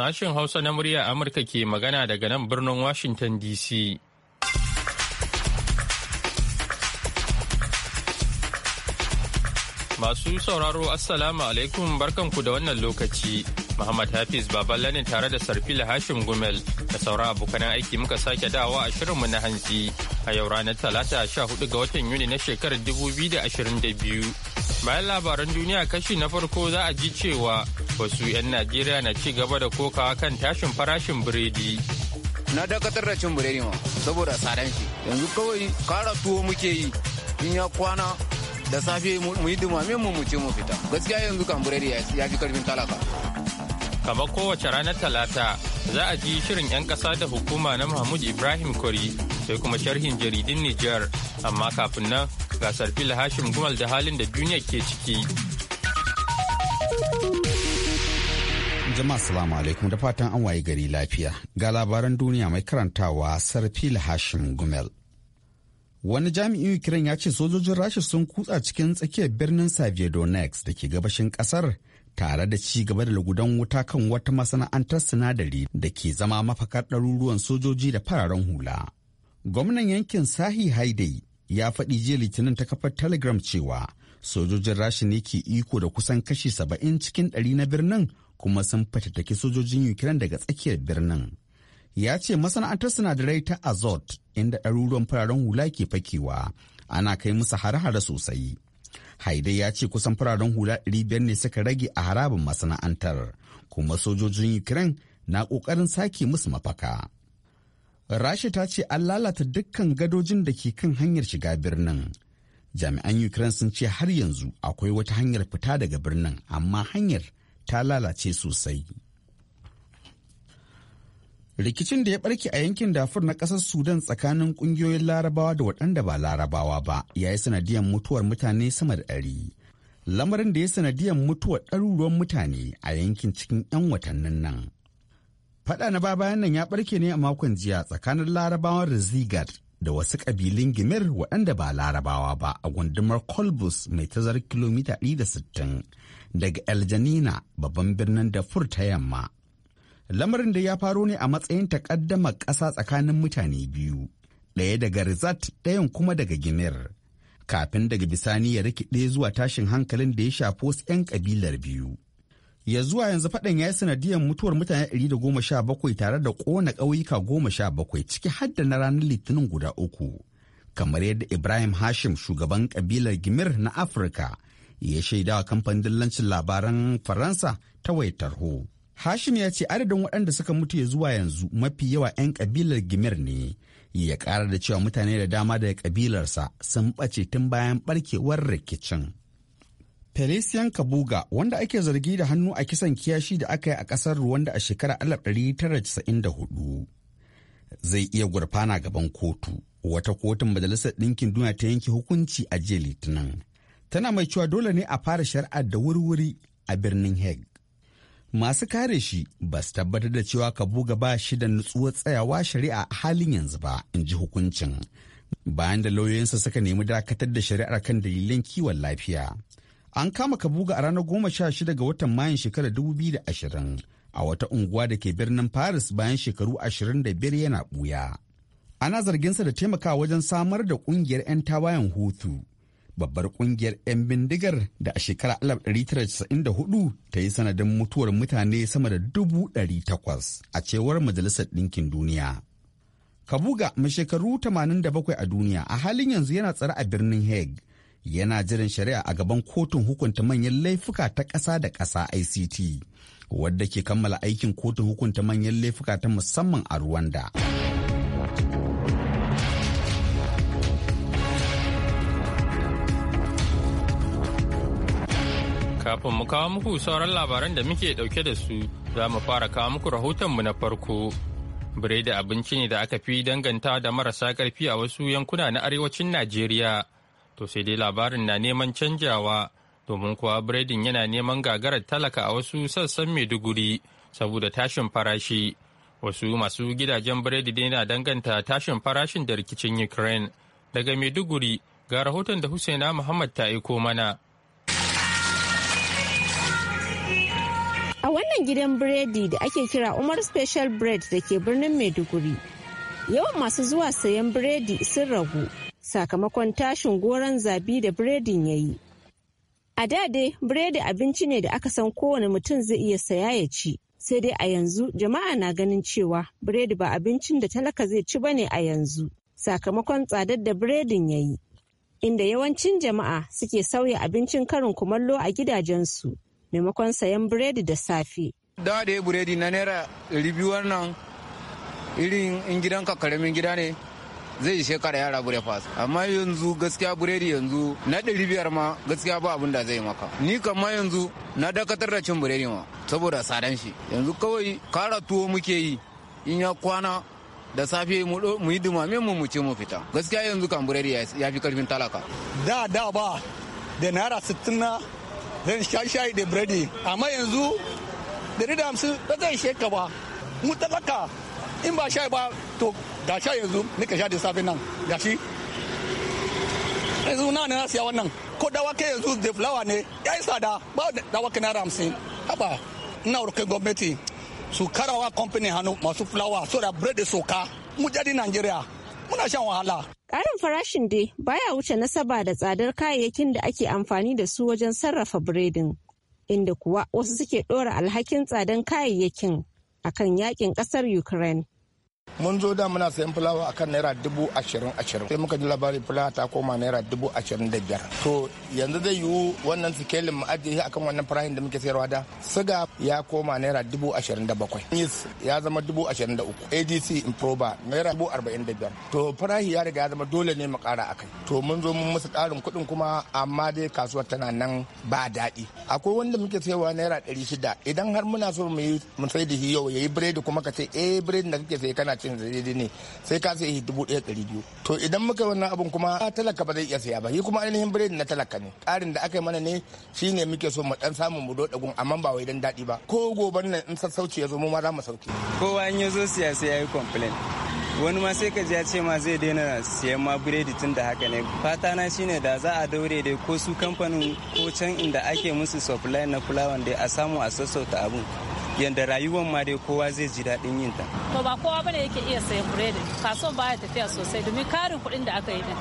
Sashen Hausa na murya Amurka ke magana daga nan birnin Washington DC. Masu sauraro Assalamu alaikum barkanku da wannan lokaci. Muhammad Hafiz Baballe ne tare da Sarfila Hashim Gumel da saura abokan aiki muka sake dawa a shirinmu na hantsi a yau ranar Talata 14 ga watan Yuni na shekarar 2022. Bayan labaran duniya kashi na farko za a ji cewa wasu 'yan Najeriya na ci gaba da kokawa kan tashin farashin biredi. Na dakatar da cin biredi ma saboda tsadan shi. Yanzu kawai kara tuwo muke yi in ya kwana da safe mu yi dumame mu mu ce mu fita. Gaskiya yanzu kan biredi ya fi karfin talaka. Kamar kowace ranar talata za a ji shirin 'yan ƙasa da hukuma na Mahmud Ibrahim kori sai kuma sharhin jaridin Nijar amma kafin nan gasar fila hashim gumal da halin da duniya ke ciki. Jama'a salamu alaikum da fatan an waye gari lafiya ga labaran duniya mai karantawa sarfil hashim gumel. Wani jami'in Ukraine ya ce sojojin Rasha sun kutsa cikin tsakiyar birnin Saviodonex da ke gabashin kasar tare da ci gaba da lugudan wuta kan wata masana'antar sinadari da ke zama mafakar ɗaruruwan sojoji da fararen hula. gwamnan yankin sahi haidai ya faɗi jiya litinin ta kafar telegram cewa sojojin rasha ne ke iko da kusan kashi saba'in cikin ɗari na birnin kuma sun fatattaki sojojin ukraine daga tsakiyar birnin ya ce masana'antar sinadarai ta azot inda ɗaruruwan fararen hula ke fakewa ana kai musu hare-hare sosai haidai ya ce kusan fararen hula 500 ne suka rage a harabin masana'antar kuma sojojin ukraine na ƙoƙarin sake musu mafaka rasha ta ce an lalata dukkan gadojin da ke kan hanyar shiga birnin jami'an ukraine sun ce har yanzu akwai wata hanyar fita daga birnin amma hanyar ta lalace sosai rikicin da ya barke a yankin dafur na ƙasar sudan tsakanin ƙungiyoyin larabawa da waɗanda ba larabawa ba ya yi sanadiyar mutuwar mutane sama da ɗari lamarin da ya sanadiyar mutuwar ɗaruruwan mutane a yankin cikin 'yan watannin nan Faɗa na ba bayan nan ya ɓarke ne a makon jiya tsakanin larabawan Rizigar da wasu ƙabilun Gimir waɗanda ba larabawa ba a gundumar Kolbus mai tazar kilomita 160 daga Aljanina babban birnin Dafur ta yamma. Lamarin da ya faro ne a matsayin takaddamar ƙasa tsakanin mutane biyu, ɗaya daga Rizat ɗayan kuma daga Gimir. Kafin daga bisani ya rikide zuwa tashin hankalin da ya shafi wasu 'yan ƙabilar biyu. ya zuwa yanzu faɗan ya yi sanadiyar mutuwar mutane 117 tare da ƙona ƙauyuka 17 ciki har da na ranar litinin guda uku kamar yadda ibrahim hashim shugaban ƙabilar gimir na afirka ya shaida wa kamfanin dillancin labaran faransa ta tarho. hashim ya ce adadin waɗanda suka mutu ya zuwa yanzu mafi yawa 'yan ƙabilar gimir ne ya ƙara da cewa mutane da dama daga ƙabilarsa sun ɓace tun bayan ɓarkewar rikicin Felician Kabuga wanda ake zargi da hannu a kisan kiyashi da aka yi a ƙasar Rwanda a shekarar 1994 zai iya gurfana gaban kotu. Wata kotun Majalisar Ɗinkin Duniya ta yanke hukunci a jiya Litinin. Tana mai cewa dole ne a fara shari'ar da wurwuri a birnin Hague. Masu kare shi ba su tabbatar da cewa Kabuga ba shi da nutsuwar tsayawa shari'a a halin yanzu ba, in ji hukuncin. Bayan da lauyoyinsa suka nemi dakatar da shari'ar kan dalilin kiwon lafiya. An kama Kabuga a ranar goma sha shida ga watan Mayan shekara dubu biyu da ashirin a wata unguwa da ke birnin Paris bayan shekaru ashirin da biyar yana buya. Ana zarginsa da taimakawa wajen samar da ƙungiyar 'yan tawayen hutu. Babbar ƙungiyar 'yan bindigar da a da 1994 ta yi sanadin mutuwar mutane sama da dubu ɗari takwas a cewar Majalisar Ɗinkin Duniya. Kabuga mai shekaru 87 a duniya a halin yanzu yana tsare a birnin Hague yana jiran shari'a a gaban kotun hukunta manyan laifuka ta ƙasa da ƙasa ICT, wadda ke kammala aikin kotun hukunta manyan laifuka ta musamman a Rwanda. Kafin mu kawo muku sauran labaran da muke ɗauke da su, za mu fara kawo muku rahotonmu na farko. Biredi abinci ne da aka fi danganta da marasa karfi a wasu yankuna na arewacin Najeriya. to sai dai labarin na neman canjawa domin kuwa biredin yana neman gagarar talaka a wasu sassan maiduguri saboda tashin farashi wasu masu gidajen biredi dai na danganta tashin farashin da rikicin ukraine daga maiduguri ga rahoton da husaina muhammad ta aiko mana a wannan gidan biredi da ake kira umar special bread da ke birnin maiduguri yawan masu zuwa sayan biredi sun ragu sakamakon tashin goron zabi da biredin ya yi. A dade biredi abinci ne da aka san kowane mutum zai iya saya ya ci, sai dai a yanzu jama'a na ganin cewa biredi ba abincin da talaka zai ci ba ne a yanzu, sakamakon tsadar da biredin ya yi. Inda yawancin jama'a suke sauya abincin karin kumallo a gidajensu, maimakon sayan biredi da safe. Dawa da ya biredi na naira ribi wannan irin in gidanka karamin gida ne zai yi shekara ya bure fas. amma yanzu gaskiya buredi yanzu na ɗari biyar ma gaskiya ba abin da zai maka ni kama yanzu na dakatar da cin buredi ma saboda sadan shi yanzu kawai kara tuwo muke yi in ya kwana da safe mu yi dumame mu mu ce mu fita gaskiya yanzu kan buredi ya fi karfin talaka da da ba da naira sittin na zan sha shayi da buredi amma yanzu dari da hamsin ba zai sheka ba mu talaka in ba shayi ba to da sha yanzu nika sha da safe nan da shi yanzu na na siya wannan ko dawa ke yanzu da fulawa ne ya yi sada ba dawake naira hamsin haba ina roƙe gwamnati su karawa kamfanin hannu masu fulawa so da bread soka mu jadi nigeria muna shan wahala Ƙarin farashin dai baya wuce nasaba da tsadar kayayyakin da ake amfani da su wajen sarrafa biredin, inda kuwa wasu suke ɗora alhakin tsadan kayayyakin akan yakin ƙasar Ukraine. mun zo da muna sayan fulawa akan naira dubu ashirin ashirin sai muka ji labarin fulawa ta koma naira dubu ashirin da biyar to yanzu zai yiwu wannan sikelin mu ajiye akan wannan farahin da muke sayarwa da siga ya koma naira dubu ashirin da bakwai yes ya zama dubu ashirin da uku adc improba naira dubu arba'in da biyar to farahi ya riga ya zama dole ne mu kara akai to mun zo mun musu karin kuɗin kuma amma dai kasuwar tana nan ba daɗi akwai wanda muke sayarwa naira ɗari shida idan har muna so mu yi mu sai da yau ya yi biredi kuma ka ce eh biredi da kake sai kana cin daidai ne sai ka sai dubu ɗaya ɗari biyu to idan muka wannan abun kuma talaka ba zai iya saya ba shi kuma ainihin biredi na talaka ne ƙarin da aka yi mana ne ne muke so mu ɗan samun mu doɗa gun amma ba wai dan daɗi ba ko goban nan in sassauci ya zo mu ma za mu sauke. kowa in ya zo siya sai ya yi complain wani ma sai ka ji ya ce ma zai daina siyan ma biredi tun da haka ne fata na shine da za a daure dai ko su kamfanin ko can inda ake musu supply na fulawan dai a samu a sassauta abun yanda rayuwar ma dai kowa zai ji daɗin yin ta. To ba kowa bane yake iya sayan biredin kasuwan baya tafiya sosai domin karin kuɗin da aka yi din.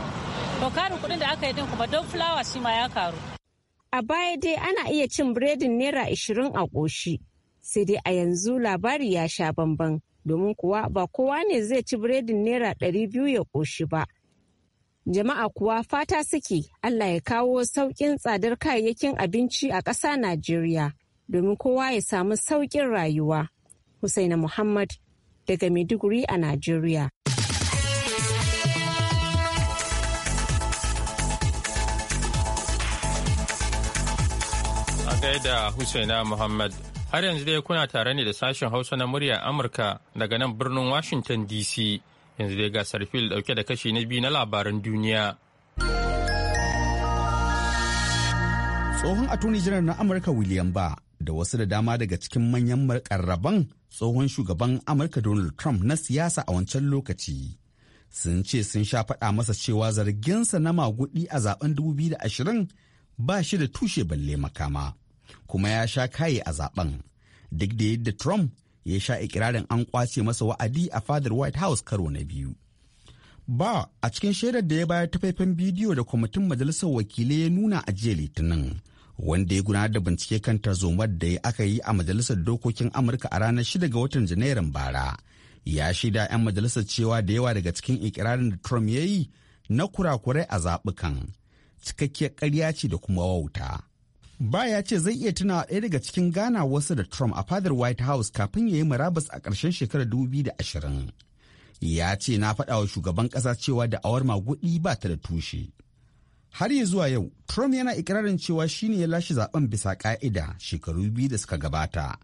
To karin kuɗin da aka yi din kuma don fulawa shi ma ya karu. A baya dai ana iya cin biredin naira ashirin a ƙoshi. Sai dai a yanzu labari ya sha bamban domin kuwa ba kowa ne zai ci biredin naira ɗari biyu ya ƙoshi ba. jama'a kuwa fata suke Allah ya kawo sauƙin tsadar kayayyakin abinci a ƙasa Najeriya. domin kowa ya samu saukin rayuwa. Husaina Muhammad daga Maiduguri a Najeriya. A gaida Husaina Muhammad har yanzu dai kuna tare ne da sashen Hausa na murya Amurka daga nan birnin Washington DC. Yanzu dai ga Sarfil dauke da kashi na biyu na labaran duniya. Tsohon Attorney General na Amurka William Barr da wasu da dama daga cikin manyan makarraban tsohon shugaban amurka donald trump na siyasa a wancan lokaci sun ce sun sha faɗa masa cewa zarginsa na magudi a zaben 2020 ba shi da tushe balle makama kuma ya sha kaye a zaben duk da yadda trump ya sha ikirarin an kwace masa wa'adi a fadar white house karo na biyu ba a cikin shaidar da ya bayar ta faifan bidiyo da kwamitin majalisar wakilai ya nuna a jiya litinin wanda ya gudanar da bincike kan tarzomar da aka yi a majalisar dokokin amurka a ranar 6 ga watan janairun bara ya shida 'yan majalisar cewa da yawa daga cikin ikirarin da trump ya yi na kurakurai a zaɓukan cikakkiyar karya ce da kuma wauta ba ya ce zai iya tuna ɗaya daga cikin gana wasu da trump a fadar white house kafin ya yi murabus a ƙarshen shekarar 2020 ya ce na faɗa wa shugaban ƙasa cewa da awar magudi ba ta da tushe har ya zuwa yau trump yana ikirarin cewa shine ya lashe zaben bisa ka'ida shekaru biyu da suka gabata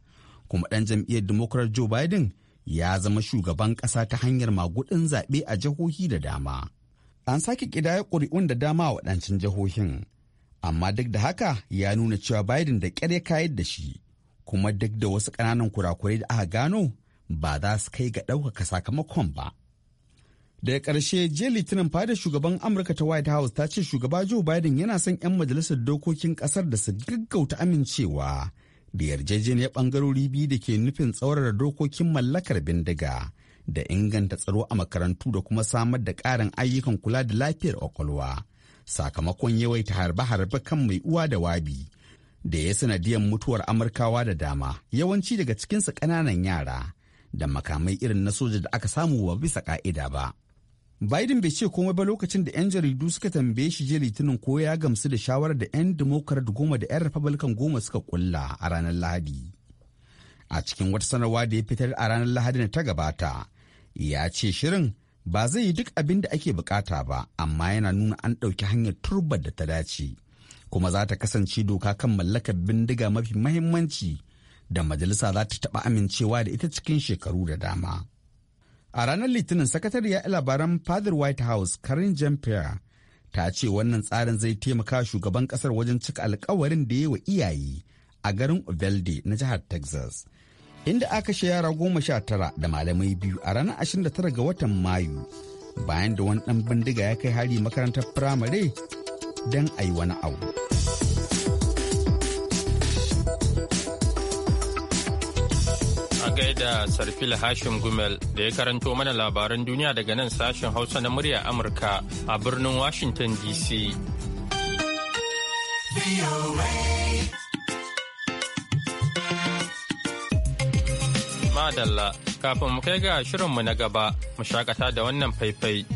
kuma ɗan jam'iyyar democrat joe biden ya zama shugaban ƙasa ta hanyar magudin zaɓe a jihohi da dama an sake ƙidaya ƙuri'un da dama a waɗancan jihohin amma duk da haka ya nuna cewa biden da ƙyar ya kayar da shi kuma duk da wasu ƙananan kurakurai da aka gano ba za su kai ga ɗaukaka sakamakon ba daga ƙarshe jiya litinin fadar shugaban amurka ta white house ta ce shugaba joe biden yana son 'yan majalisar dokokin ƙasar da su gaggauta amincewa da yarjejeniyar ɓangarori biyu da ke nufin tsaurara dokokin mallakar bindiga da inganta tsaro a makarantu da kuma samar da ƙarin ayyukan kula da lafiyar kwakwalwa sakamakon yawaita harbe-harbe kan mai uwa da wabi da ya sanadiyar mutuwar amurkawa da dama yawanci daga cikinsu ƙananan yara da makamai irin na soja da aka samu ba bisa ƙa'ida ba. Biden bai ce komai ba lokacin da 'yan jaridu suka tambaye shi je litinin ko ya gamsu da shawarar da 'yan Democrat goma da 'yan Republican goma suka kulla a ranar Lahadi. A cikin wata sanarwa da ya fitar a ranar Lahadi na ta gabata, ya ce shirin ba zai yi duk abin da ake bukata ba amma yana nuna an ɗauki hanyar turbar da ta dace kuma za ta kasance doka kan mallakar bindiga mafi mahimmanci da majalisa za ta taɓa amincewa da ita cikin shekaru da dama A ranar Litinin sakatariyar labaran father White House Karin Jean-Pierre ta ce wannan tsarin zai taimaka shugaban kasar wajen cika alkawarin da ya wa iyaye a garin Uvalde na jihar Texas. Inda aka kashe yara goma sha tara da malamai biyu a ranar tara ga watan Mayu bayan da wani ɗan bindiga ya kai hari makarantar firamare don a yi wani abu. ga yadda Sarfil Hashim Gumel da ya karanto mana labaran duniya daga nan sashen Hausa na murya Amurka a birnin Washington DC. Madalla, kafin mu kai ga shirinmu na gaba, mu shakata da wannan faifai.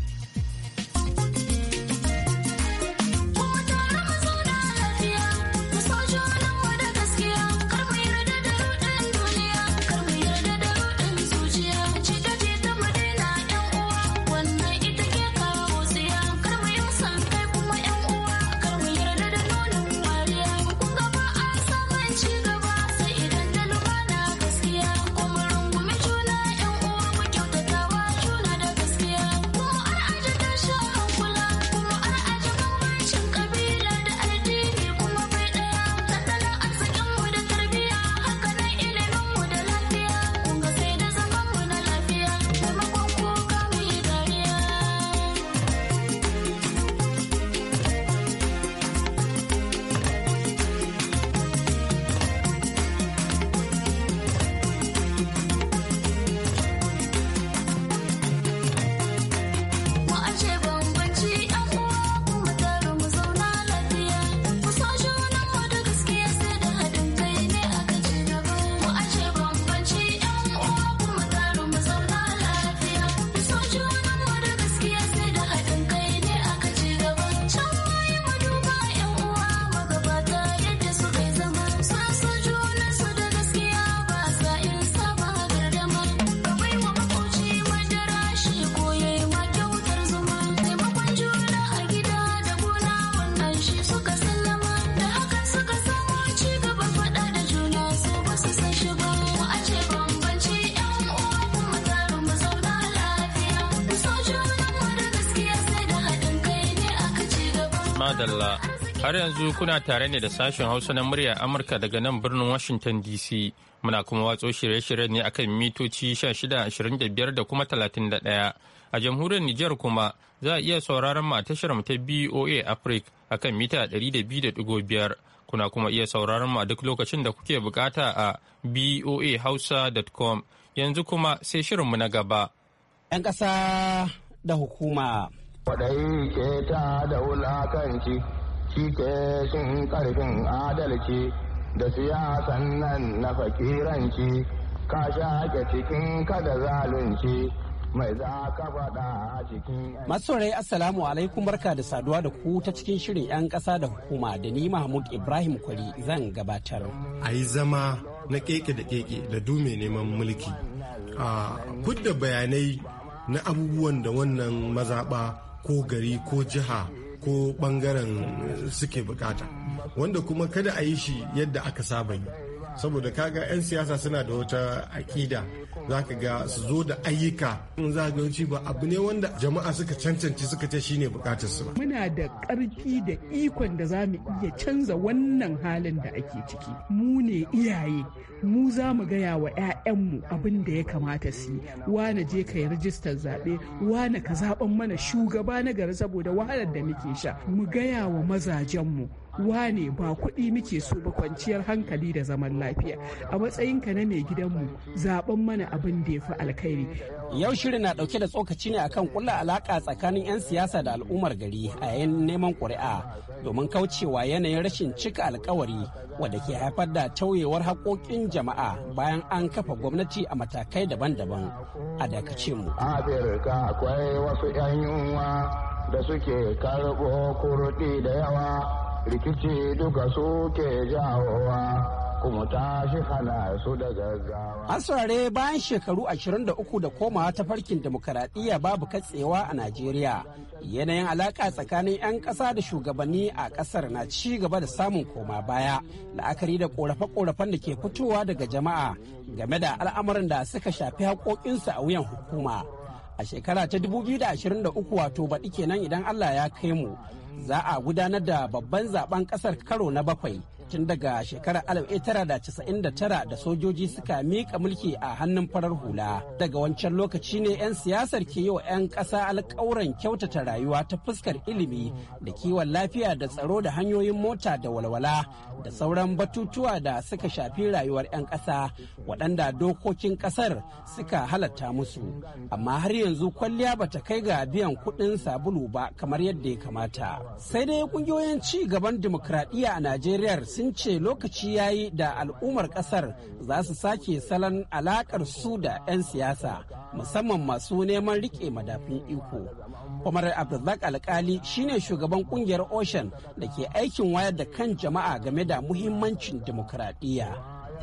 Adalla. Har yanzu kuna tare ne da sashen Hausa na murya Amurka daga nan birnin Washington DC. Muna kuma watso shirye-shirye ne akan mitoci 1625 da kuma 31. A jamhuriyar Nijar kuma za a iya sauraron mu a tashar mu ta BOA Africa akan mita 200.5. Kuna kuma iya sauraron mu a duk lokacin da kuke bukata a boahausa.com. Yanzu kuma sai shirinmu na gaba. 'Yan ƙasa da hukuma. kwaɗayi ke ta da wulakanci shi ke sun ƙarfin adalci da siyasan nan na fakiranci ka shaƙe cikin kada zalunci mai za ka faɗa a cikin rai assalamu alaikum barka da saduwa da ku ta cikin shirin 'yan ƙasa da hukuma da ni mahmud ibrahim kwari zan gabatar a yi zama na keke da keke da dume neman mulki a ah, kudda bayanai na abubuwan da wannan mazaɓa ko gari ko jiha ko bangaren eh, suke bukata wanda kuma kada a yi shi yadda aka saba yi saboda kaga 'yan siyasa suna da wata akida ka ga su zo da ayyuka in za ga yawanci ba abu ne wanda jama'a suka cancanci suka ce shine bukatar su ba muna da karfi da ikon da za mu iya canza wannan halin da ake ciki mu ne iyaye mu za mu gaya wa 'ya'yanmu abin da ya kamata su yi wane je ka yi rijistar zaɓe wane ka zaɓen mana shugaba na gari saboda wahalar da muke sha mu gaya wa mazajenmu wane ba kuɗi muke so ba kwanciyar hankali da zaman lafiya a matsayinka na mai gidanmu zaben mana abin da ya fi alkhairi yau shirin na dauke da tsokaci ne akan kula alaka tsakanin 'yan siyasa da al'ummar gari a yayin neman ƙuri'a domin kaucewa yanayin rashin cika alkawari wadda ke haifar da tauyewar haƙoƙin jama'a bayan an kafa gwamnati a matakai daban-daban a dakace mu afirka akwai wasu 'yan yunwa da suke karɓo kurɗi da yawa rikici duka su ke jawowa kuma ta shi hana su da gaggawa. saurare bayan shekaru 23 da komawa ta farkin demokaradiyya babu katsewa a Najeriya. Yanayin alaka tsakanin 'yan ƙasa da shugabanni a ƙasar na ci gaba da samun koma baya. La'akari da ƙorafe-ƙorafen da ke fitowa daga jama'a game da al'amuran da suka shafi haƙoƙinsu a wuyan hukuma. a shekara ta 2023 wato baɗi kenan idan allah ya kai mu za a gudanar da babban zaben ƙasar karo na bakwai tun daga shekarar 1999 da sojoji suka miƙa mulki a hannun farar hula daga wancan lokaci ne 'yan siyasar ke yi wa 'yan ƙasa alƙawuran kyautata rayuwa ta fuskar ilimi da kiwon lafiya da tsaro da hanyoyin mota da walwala da sauran batutuwa da suka shafi rayuwar 'yan ƙasa waɗanda dokokin ƙasar suka halatta musu amma har yanzu kwalliya ba ta kai ga biyan kuɗin sabulu ba kamar yadda ya kamata sai dai ƙungiyoyin ci gaban dimokuraɗiyya a najeriya sun ce lokaci ya yi da al'ummar kasar za su sake salon alakar su da 'yan siyasa musamman masu neman rike madafin iko kwamar abdulzak alkali shine shugaban kungiyar ocean da ke aikin wayar da kan jama'a game da muhimmancin demokradiyya.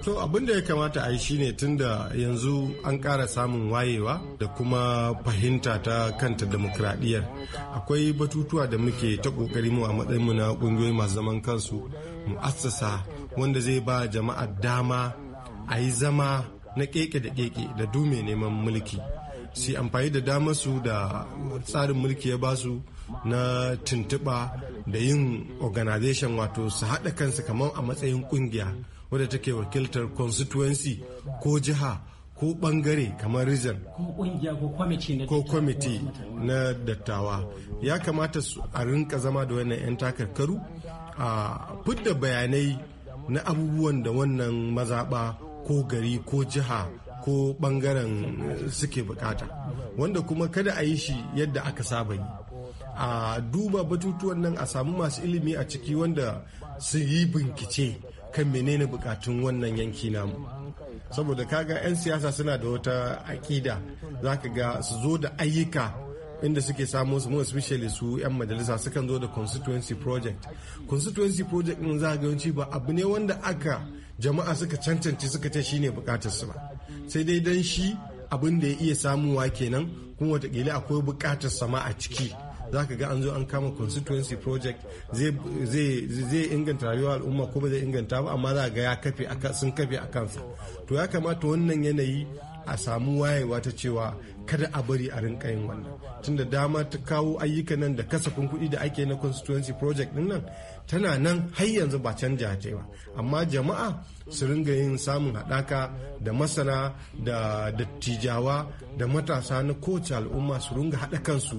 To abin da ya kamata a yi shine tunda yanzu an ƙara samun wayewa da kuma fahimta ta kanta demokradiyyar akwai batutuwa da muke ta ƙoƙari mu a matsayinmu na ƙungiyoyi masu zaman kansu mu'assasa wanda zai ba jama'a dama a yi zama na keke da keke da dume neman mulki su amfani da damar su da tsarin mulki ya basu na tuntuɓa da yin organization wato su haɗa kansu kamar a matsayin ƙungiya wadda take wakiltar constituency ko jiha ko ɓangare kamar region ko committee na dattawa ya kamata su a rinka zama da wannan 'yan takarkaru a fidda bayanai na abubuwan da wannan mazaɓa ko gari ko jiha ko ɓangaren eh, suke bukata wanda kuma kada a yi shi yadda aka saba yi a duba batutuwan nan a samu masu ilimi a ciki wanda su yi bincike kan menene bukatun wannan yanki namu saboda kaga 'yan siyasa suna da wata akida za ka ga su zo da ayyuka inda suke samu su mu especially su yan majalisa sukan zo da constituency project constituency project din za ga yawanci ba abu ne wanda aka jama'a suka cancanci suka ce shine bukatar su ba sai dai dan shi abin da ya iya samuwa kenan kuma watakila akwai bukatar sama a ciki za ka ga an zo an kama constituency project zai inganta rayuwar al'umma ko ba zai inganta ba amma za ga ya kafe sun kafe a kansa to ya kamata wannan yanayi a samu wayewa ta cewa kada a bari a rinka yin wannan tunda dama ta kawo ayyukan nan da kasafin kuɗi da ake na constituency project din nan tana nan har yanzu ba canja ta ba amma jama'a su ringa yin samun haɗaka da masana da dattijawa da matasa na kowace al'umma su ringa haɗa kansu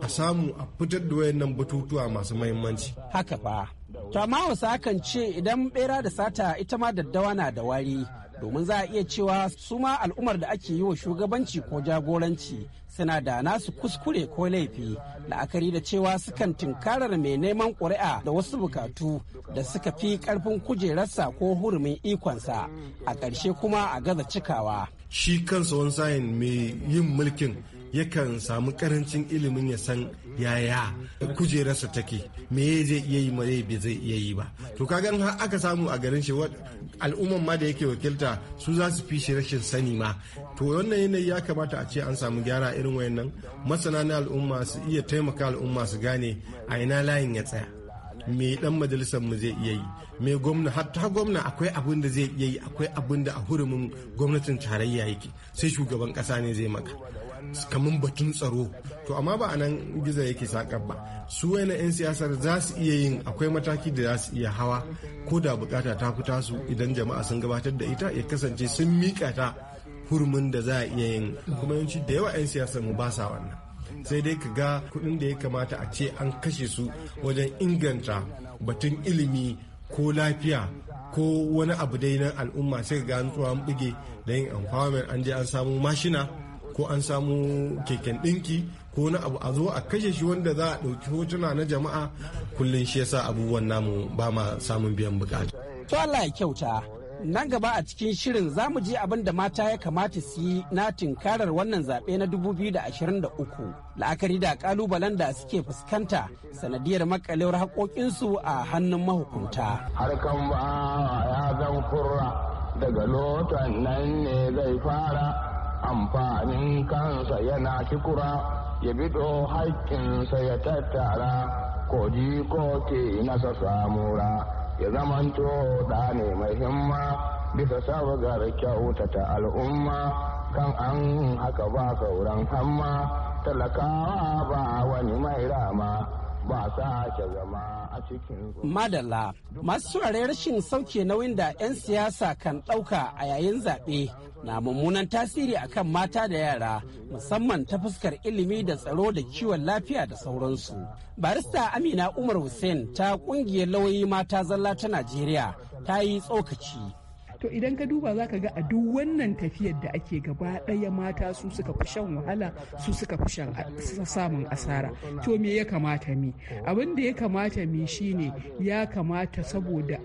a samu a fitar da wayannan batutuwa masu mahimmanci. Haka fa. To amma wasu hakan ce idan bera da sata ita ma daddawa na da wari. domin za a iya cewa su ma al'ummar da ake yi wa shugabanci ko jagoranci suna da nasu kuskure ko laifi la'akari da cewa sukan tinkarar mai neman ƙuri'a da wasu bukatu da suka fi ƙarfin kujerarsa ko hurumin ikonsa a ƙarshe kuma a gaza cikawa shi kansa wani sayin mai yin mulkin yakan samu karancin ilimin ya san yaya kujerarsa take me zai iya yi mai bai zai iya yi ba to kaga har aka samu a garin shi al'umman ma da yake wakilta su za su fi shi rashin sani ma to wannan yanayi ya kamata a ce an samu gyara irin wayannan masana na al'umma su iya taimaka al'umma su gane a ina layin ya tsaya me dan majalisar mu zai iya yi me gwamna hatta gwamna akwai abin da zai iya yi akwai abin da a hurumin gwamnatin tarayya yake sai shugaban kasa ne zai maka kamar batun tsaro to amma ba anan gizo yake sakar ba su wani 'yan siyasar za su iya yin akwai mataki da za su iya hawa ko da bukata ta fita su idan jama'a sun gabatar da ita ya kasance sun mika ta hurumin da za a iya yin kuma yanci da yawa 'yan siyasar mu ba sa wannan sai dai ka ga kuɗin da ya kamata a ce an kashe su wajen inganta batun ilimi ko lafiya ko wani abu dai na al'umma sai ka ga an tsohon buge da yin empowerment an je an samu mashina ko an samu keken ɗinki ko wani abu a zo a kashe shi wanda za a ɗauki hotuna na jama'a kullum shi yasa abubuwan namu ba ma samun biyan bukata. Allah kyauta Nan gaba a cikin shirin za mu je abin da mata ya kamata su yi na tinkarar wannan zaɓe na 2023 la'akari da ƙalubalen da suke fuskanta sanadiyar makalewar haƙoƙinsu a hannun mahukunta. Harkan ba ya zan kurra daga lotan nan ne zai fara amfanin kansa yana kikura ya bido haƙƙinsa ya tattara ko ji ko ke nasa samura. ya zamanto da ne mai himma bisa sabagar ta al'umma kan an haka ba sauran hamma talakawa ba wani mai rama ba sa ke zama Madalla masu saurare rashin sauke nauyin da 'yan siyasa kan ɗauka a yayin zaɓe na mummunan tasiri akan mata da yara musamman ta fuskar ilimi da tsaro da kiwon lafiya da sauransu. Barista Amina Umar Hussein ta ƙungiyar lauyi mata zalla ta Najeriya ta yi tsokaci. to idan ka duba za ka ga a duk wannan tafiyar da ake gaba ɗaya mata su suka fi shan wahala su suka fi shan samun asara to me ya kamata mi abin da ya kamata mi shine ya kamata saboda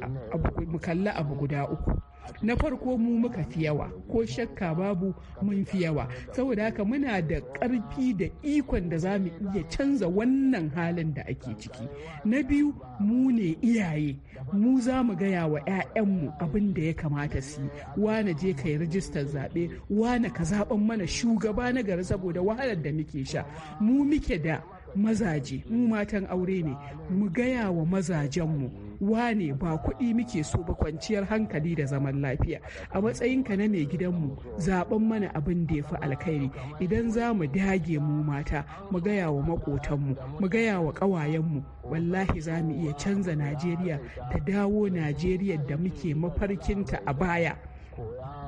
mu kalli abu guda uku na farko mu muka fi yawa ko shakka babu mun fi yawa saboda haka muna da ƙarfi da ikon da za mu iya canza wannan halin da ake ciki na biyu mu ne iyaye mu za mu gaya wa 'ya'yanmu abin da ya kamata su wane je ka yi rajistar zaɓe wane ka zaɓen mana shugaba na gari saboda wahalar da muke sha mu muke da mazaje mu matan aure ne mu gaya wa mazajenmu wane ba kuɗi muke so ba kwanciyar hankali da zaman lafiya a matsayinka na mai gidanmu zaben mana abin da ya fi alkhairi idan za mu dage mu mata mu gaya wa makotanmu mu gaya wa ƙawayenmu wallahi za mu iya canza najeriya ta dawo najeriya da muke mafarkinta a baya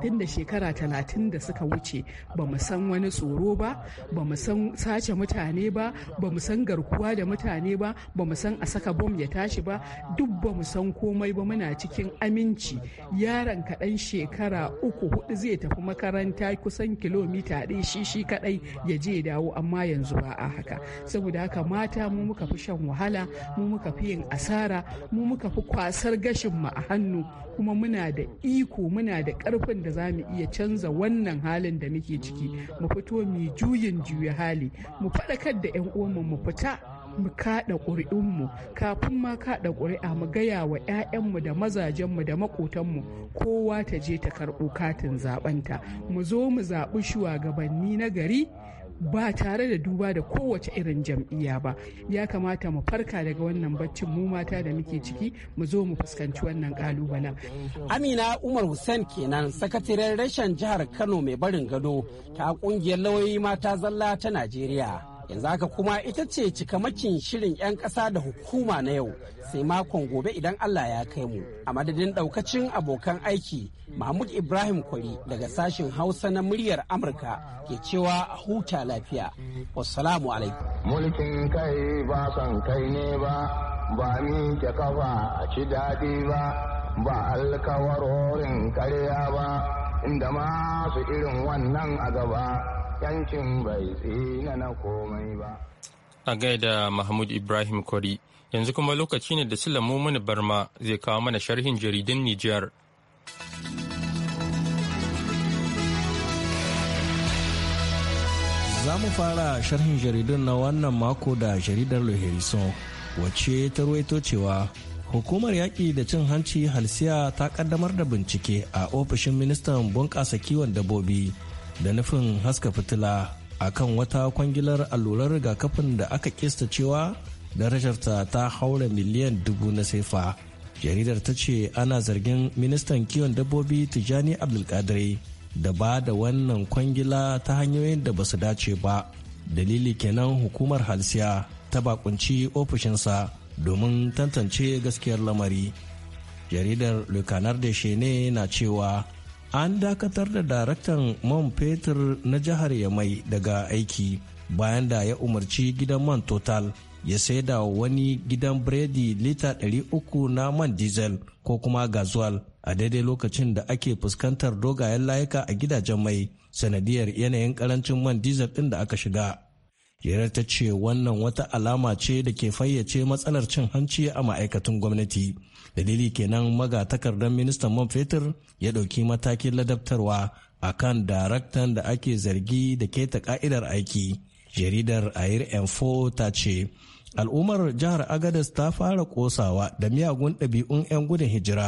tun da shekara talatin da suka wuce ba mu san wani tsoro ba ba mu san sace mutane ba ba mu san garkuwa da mutane ba ba mu san a saka bom ya tashi ba duk ba mu san komai ba muna cikin aminci yaron kaɗan shekara uku hudu zai tafi makaranta kusan kilomita ɗaya shi shi kaɗai ya je dawo amma yanzu ba a haka saboda haka mata mu muka fi shan wahala mu muka fi yin asara mu muka fi kwasar gashin mu a hannu kuma muna da iko muna da da karfin da za mu iya canza wannan halin da muke ciki mu fito mu juyin juya hali mu faɗakar da 'yan uwanmu mu fita mu kaɗa ƙuri'unmu kafin ma kaɗa ƙuri'a mu gaya wa 'ya'yanmu da mazajenmu da maƙotanmu kowa ta je ta karɓo katin zaɓenta mu zo mu zaɓi shugabanni na gari ba tare da duba da kowace irin jam'iyya ba ya kamata mu farka daga wannan baccin mu mata da muke ciki mu zo mu fuskanci wannan kalubalen amina umar hussein kenan sakataren rashin jihar kano mai barin gado ta kungiyar lauyoyi mata zalla ta najeriya yanzu haka kuma ita ce cikamakin shirin 'yan ƙasa da hukuma na yau sai makon gobe idan Allah ya kai mu a madadin ɗaukacin abokan aiki mahmud ibrahim kwari daga sashen hausa na muryar amurka ke cewa a huta lafiya wassalamu alaikum mulkin kai ba san kai ne ba ba ni ke kafa a ci daɗi ba ba alkawarorin karya ba inda masu irin wannan a gaba yancin bai tsina na komai ba. A gaida Mahmud Ibrahim Kwari, yanzu kuma lokaci ne da Sulamu mini Barma zai kawo mana sharhin jaridun Nijar. Za mu fara sharhin jaridun na wannan mako da jaridar Le wacce ta ruwaito cewa hukumar yaƙi da cin hanci halsiya ta ƙaddamar da bincike a ofishin ministan bunƙasa kiwon dabbobi da nufin haska fitila a kan wata kwangilar allurar rigakafin da aka kista cewa darajarta ta haura miliyan dubu na sefa jaridar ta ce ana zargin ministan kiwon dabbobi tijani abdulkadiri da ba da wannan kwangila ta hanyoyin da ba su dace ba dalili kenan hukumar halsiya ta bakunci ofishinsa domin tantance gaskiyar lamari jaridar le da shene na cewa an dakatar da daraktan man fetur na jihar yamai daga aiki bayan da ya umarci gidan man total ya sai da wani gidan biredi lita 300 na man diesel ko kuma gazuwal a daidai lokacin da ake fuskantar dogayen layuka a gidajen mai sanadiyar yanayin karancin man diesel ɗin da aka shiga jerar ta ce wannan wata alama ce da ke fayyace matsalar cin hanci a ma'aikatan gwamnati dalili kenan magatakardar ministan man fetur ya ɗauki matakin ladabtarwa a kan daraktan da ake zargi da keta ka'idar aiki jaridar air info ta ce al'ummar jihar agadas ta fara kosawa da miyagun ɗabi'un 'yan gudun hijira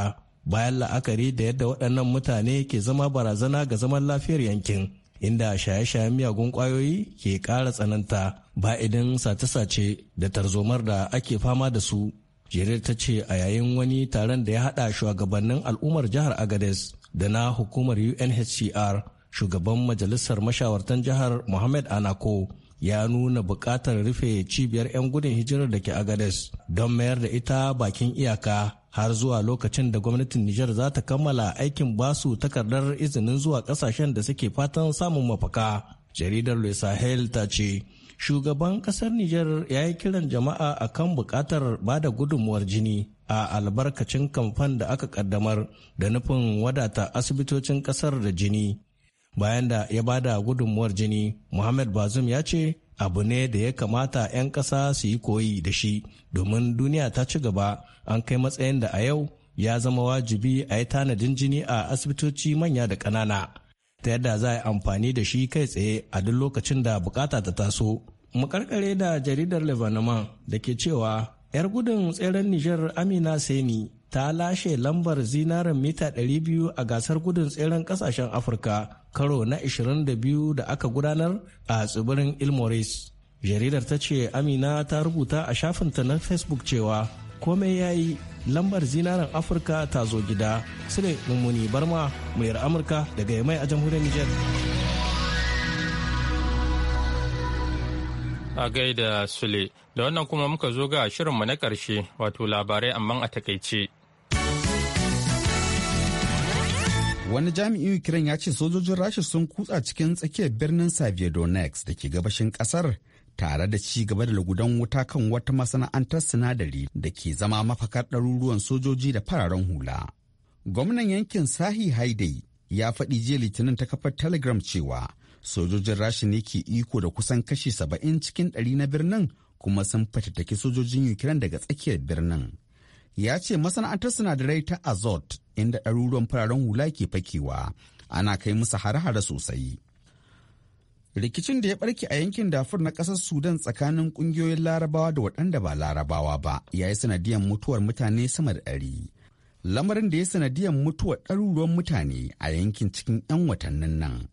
bayan la'akari da yadda waɗannan mutane ke zama barazana ga zaman lafiyar yankin inda shaye-shayen miyagun ƙwayoyi ke ƙara tsananta ba idan sace-sace da tarzomar da ake fama da su jirir ta ce a yayin wani taron da ya haɗa shugabannin al'ummar jihar agades da na hukumar unhcr shugaban majalisar mashawartan jihar mohamed anako ya nuna buƙatar rufe cibiyar 'yan gudun hijirar da ke agades don mayar da ita bakin iyaka har zuwa lokacin da gwamnatin Nijar za ta kammala aikin basu takardar izinin zuwa kasashen da suke fatan samun mafaka. Jaridar Le Sahel ta ce, Shugaban kasar Nijar ya yi kiran jama'a a kan bukatar bada gudunmuwar jini a albarkacin kamfan da aka kaddamar da nufin wadata asibitocin kasar da jini. Bayan da ya bada gudunmuwar jini, Muhammad Bazum ya ce, abu ne da ya kamata 'yan ƙasa su yi koyi da shi domin duniya ta ci gaba an kai matsayin da a yau ya zama wajibi a yi tanadin jini a asibitoci manya da ƙanana ta yadda za a yi amfani da shi kai tsaye a duk lokacin da bukata ta taso makarkare da jaridar lebanon da ke cewa 'yar gudun tseren niger amina seni ta lashe lambar zinaren mita 200 a gasar gudun tseren kasashen afirka karo na 22 da aka gudanar a tsibirin ilmoris jaridar ta ce amina ta rubuta a shafinta na facebook cewa komai ya yi lambar zinaren afirka ta zo gida ne mummuni barma mayar amurka daga yamai a jamhuriyar niger a gaida sule da wannan kuma muka zo ga shirinmu na karshe wato labarai amma a takaice Wani jami'in Ukraine ya ce sojojin Rasha sun kutsa cikin tsakiyar birnin Saviodonex da ke gabashin kasar tare da ci gaba da lagudan wuta kan wata masana'antar sinadari da ke zama mafakar ɗaruruwan sojoji da fararen hula. Gwamnan yankin Sahi Haidai ya faɗi jiya Litinin ta kafar Telegram cewa sojojin Rasha ne ke iko da kusan kashi saba'in cikin ɗari na birnin kuma sun fatattaki sojojin Ukraine daga tsakiyar birnin. Ya ce masana'antar sinadarai ta Azot inda ɗaruruwan fararen hula ke fakewa ana kai musu hare-hare sosai rikicin da ya barke a yankin dafur na ƙasar sudan tsakanin ƙungiyoyin larabawa da waɗanda ba larabawa ba ya yi sanadiyar mutuwar mutane sama da ɗari lamarin da ya sanadiyar mutuwar ɗaruruwan mutane a yankin cikin 'yan watannin nan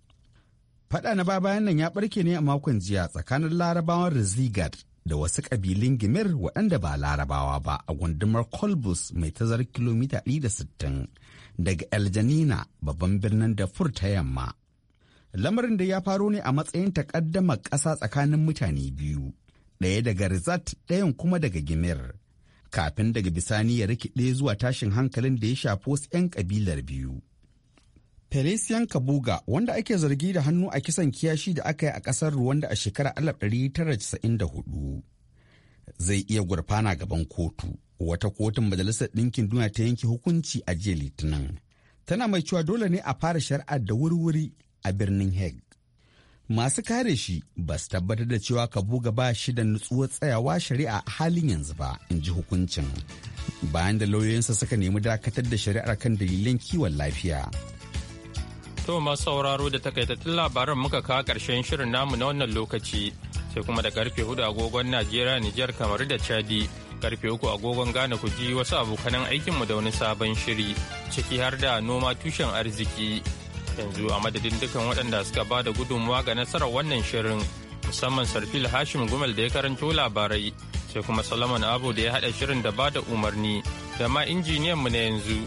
Faɗa na bayan nan ya ɓarke ne a makon jiya tsakanin larabawan Rizigat da wasu ƙabilun Gimir waɗanda ba larabawa ba a gundumar Kolbus mai tazar kilomita 160 daga El Janina babban birnin da ta yamma. Lamarin da ya faro ne a matsayin takaddama ƙasa tsakanin mutane biyu, ɗaya daga Rizat ɗayan kuma daga Gimir. Kafin daga bisani ya rikide zuwa tashin hankalin da ya shafi wasu 'yan ƙabilar biyu. Felician Kabuga wanda ake zargi da hannu a kisan kiyashi da aka yi a ƙasar Rwanda a shekarar 1994 zai iya gurfana gaban kotu wata kotun majalisar ɗinkin duniya ta yanke hukunci a jiya litinin tana mai cewa dole ne a fara shari'ar da wurwuri a birnin hague masu kare shi ba su tabbatar da cewa kabuga ba shi da nutsuwar tsayawa shari'a a halin yanzu ba in ji hukuncin bayan da lauyoyinsa suka nemi dakatar da shari'ar kan dalilin kiwon lafiya To masu sauraro da takaitattun labaran muka kawo karshen shirin namu na wannan lokaci sai kuma da karfe hudu agogon Najeriya Nijar kamar da Chadi karfe uku agogon Ghana ku ji wasu abokanan aikinmu da wani sabon shiri ciki har da noma tushen arziki. Yanzu a madadin dukan waɗanda suka ba da gudunmawa ga nasarar wannan shirin musamman Sarfil Hashim Gumal da ya karanto labarai sai kuma Solomon Abu da ya haɗa shirin da ba da umarni da ma injiniyanmu na yanzu.